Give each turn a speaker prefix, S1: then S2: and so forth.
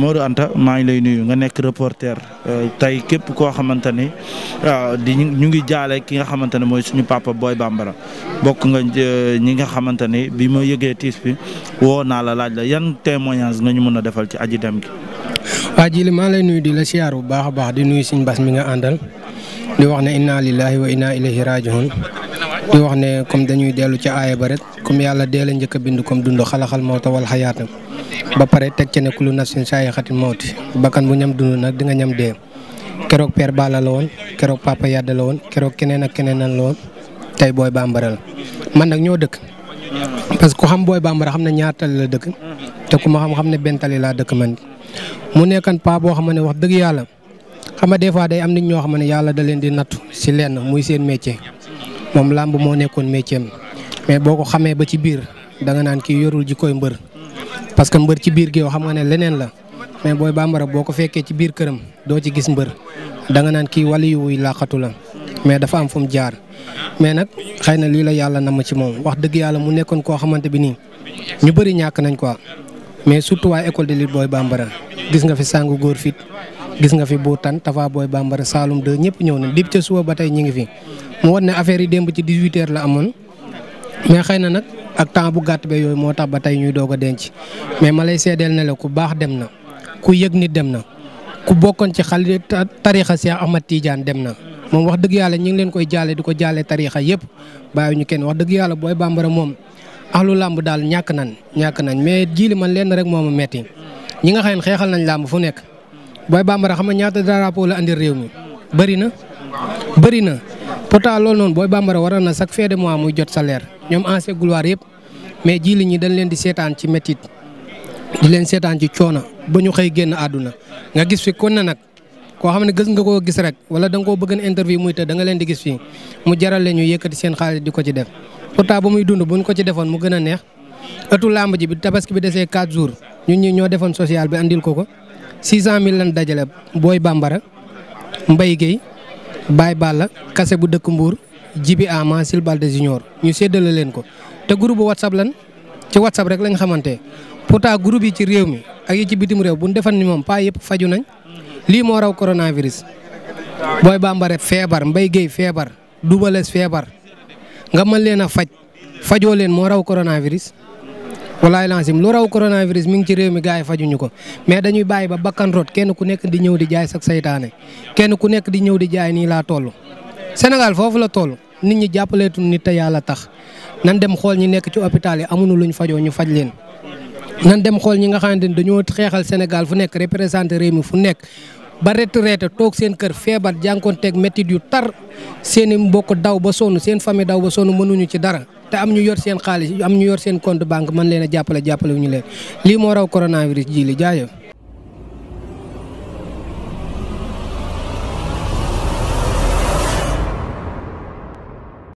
S1: Modou Anta maa ngi lay nuyu nga nekk reporter euh, tey képp koo xamante ni di ñu ngi jaale ki nga xamante ne mooy suñu papa Boy Bambara bokk nga euh, ñi nga xamante ni bi ma yëgee tiis bi woo naa la laaj la yan témoignage nga ñu mën a defal ci aji dem gi.
S2: waa jili maa lay nuyu di la siyaar bu baax a baax di nuyu suñu bas mi nga àndal di wax ne inna lillahi wa inna ilayhi rajiun di wax ne comme dañuy dellu ci aaya ba comme yàlla dee la njëkk a bind comme dund xalaxal ba pare teg ci ne kullu nafsin saa'iqatul mawti bakkan bu ñam dund nag di nga ñam dee keroog Père Balla la woon keroog Papa Yade la woon keroog keneen ak keneen la woon tey Boy Bambara la man nag ñoo dëkk. parce que ku xam Boy Bambara xam ne ñaar tali la dëkk te ku ma xam xam ne benn laa dëkk man mu nekkan paa boo xam ne wax dëgg yàlla xam nga des fois day am nit ñoo xam ne yàlla da leen di nattu si lenn muy seen métier moom làmb moo nekkoon métier mais boo ko xamee ba ci biir da nga naan kii yorul ji koy mbër. parce que mbër ci biir géew xam nga ne leneen la mais booy bambara boo ko fekkee ci biir këram doo ci gis mbër danga naan kii wali wuy laqatu la mais dafa am fu mu jaar. mais nag xëy na lii la yàlla na ma ci moom wax dëgg yàlla mu nekkoon koo xamante bi nii ñu bëri ñàkk nañ quoi mais surtout waa école de lutte booy bambara gis nga fi sangu góor fit gis nga fi Boutane Tafa booy bambara Saloum 2 ñëpp ñëw nañ dib ca suba ba tey ñu ngi fi. mu wan ne la amoon mais ak temps bu gàtt bee yooyu moo tax ba tey ñuy doog a denc mais ma lay seedeel ne la ku baax dem na ku yëg nit dem na ku bokkoon ci xali tariixa Cheikh Ahmad Tidiane dem na. moom wax dëgg yàlla ñu ngi leen koy jaale di ko jaale tariixa yëpp bàyyi ñu kenn wax dëgg yàlla booy bambara moom axlu làmb daal ñàkk nañ ñàkk nañ mais jiili man leen rek moo ma metti ñi nga xam xeexal nañ làmb fu nekk booy bambara xam a ñaata drapeau la andi réew mi bëri na pourtant loolu noonu booy bambara waroon na chaque fin de mois muy jot sa salaire ñoom ancien gloire yëpp mais jii li ñi dañ leen di seetaan ci métit di leen seetaan ci coono ba ñu xëy génn àdduna nga gis fi kon na nag koo xam ne gës nga koo gis rek wala danga ko koo bëgg interview muy te danga leen di gis fii mu jaral leen ñu yëkkati seen xaalis di ko ci def pourtant ba muy dund buñ ko ci defoon mu gën a neex ëttu làmb ji bi tabaski bi desee 4 jours ñu ñi ñoo defoon social bi andil ko ko 600000 lan dajale booy bambara mbay géey Baye Balla kase bu dëkk Mbour Jibi Ama Sil Balde Junior ñu seddale leen ko te groupe WhatsApp lan ci WhatsApp rek lañ xamante pourtant groupe yi ci réew mi ak yi ci bitim réew bu ñu defan ni moom paa yëpp faju nañ lii moo raw coronavirus. booy bambare feebar mbay géey feebar dubales feebar nga mën leen a faj fajoo leen moo raw coronavirus. walaay lancim lu raw coronavirus mi ngi ci réew mi gars yi fajuñu ko mais dañuy bàyyi ba bakkan rot kenn ku nekk di ñëw di jaay sax seytaane kenn ku nekk di ñëw di jaay nii laa toll. Sénégal foofu la toll nit ñi jàppaleetu nit te yàlla tax nan dem xool ñi nekk ci hôpital yi amuñu luñ fajoo ñu faj leen. nan dem xool ñi nga xamante ni dañoo xeexal Sénégal fu nekk représenté réew mi fu nekk ba retraité toog seen kër feebar jànkoonteeg métit yu tar seen i mbokk daw ba sonn seen famille daw ba sonn mënuñu ci dara. te am ñu yor seen xaalis am ñu yor seen compte banque man leen jàppale jàppale wu ñu leen lii moo raw coronavirus ji li jaajëf